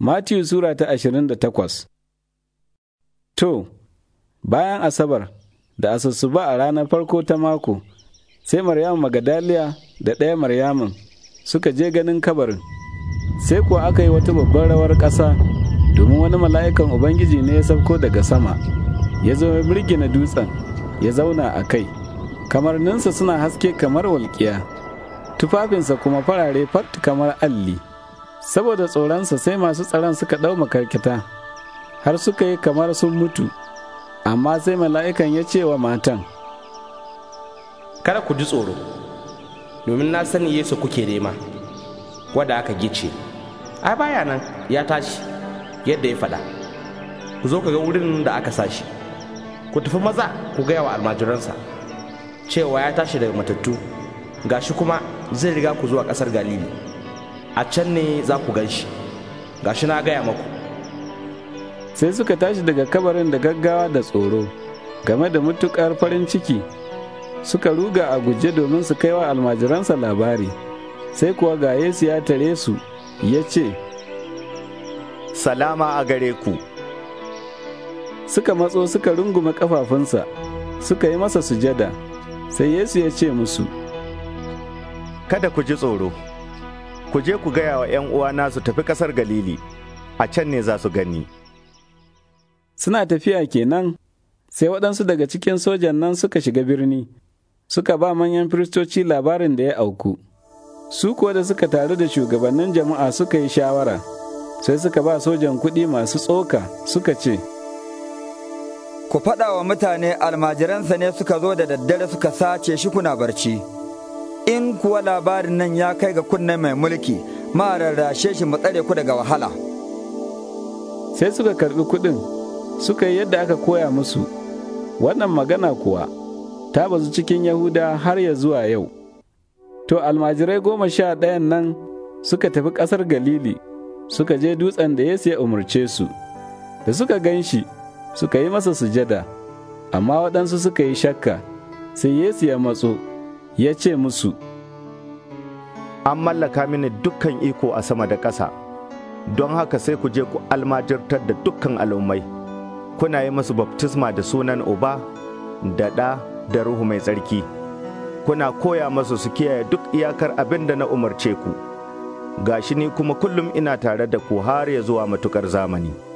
Matiyu Sura ta ashirin da takwas To, bayan Asabar da ba a ranar farko ta mako, sai Maryamu Magadaliya da ɗaya Maryamun suka je ganin kabarin, sai kuwa aka yi wata babbar rawar ƙasa domin wani mala'ikan Ubangiji ne ya sauko daga sama, ya zo ya birgina dutsen, ya zauna a kai, kamarninsa suna haske kamar walƙiya, tufafinsa kuma farare fat kamar alli. saboda tsoronsa sai masu tsaron suka ɗau makarkita har suka yi kamar sun mutu amma sai mala'ikan ya ce wa matan kada ku ji tsoro domin na sani yesu kuke nema wadda aka gice a baya nan ya tashi yadda ya faɗa ku zo ka ga wurin da aka sashi ku tafi maza ku gaya wa almajiransa cewa ya tashi daga matattu gashi kuma zai riga ku zuwa ƙasar galili a can ne za ku gan shi shi na gaya maku sai suka tashi daga kabarin da gaggawa da tsoro game da mutukar farin ciki suka ruga a guje domin su kai wa almajiransa labari sai kuwa ga yesu ya tare su ya ce salama a gare ku suka matso suka runguma kafafunsa suka yi masa sujada sai yesu ya ce musu kada ku ji tsoro ku je ku gaya wa ‘yan uwana su tafi ƙasar Galili, a can ne za su gani. Suna tafiya kenan, sai waɗansu daga cikin sojan nan suka shiga birni, suka ba manyan firistoci labarin da ya auku. Su kuwa da suka taru da shugabannin jama'a suka yi shawara, sai suka ba sojan kuɗi masu tsoka suka ce, Ku faɗa wa mutane almajiransa ne suka zo da daddare suka sace shi kuna barci. in kuwa labarin nan ya kai ga kunne mai mulki ma rarrashe shi mu tsare ku daga wahala sai suka karbi kudin suka yi yadda aka koya musu wannan magana kuwa ta bazu cikin yahuda har ya zuwa yau to almajirai goma sha ɗayan nan suka tafi ƙasar galili suka je dutsen da yesu ya umarce su da suka gan shi suka yi masa sujada amma waɗansu suka yi shakka sai yesu ya matso ya ce musu, An mallaka mini dukkan iko a sama da ƙasa, don haka sai ku je ku almajirtar da dukkan al'ummai, kuna yi masu baftisma da sunan Uba, da ɗa, da Ruhu mai tsarki. Kuna koya masu su kiyaye duk iyakar abin da na umarce ku, gashi ni kuma kullum ina tare da ku har ya zuwa matukar zamani.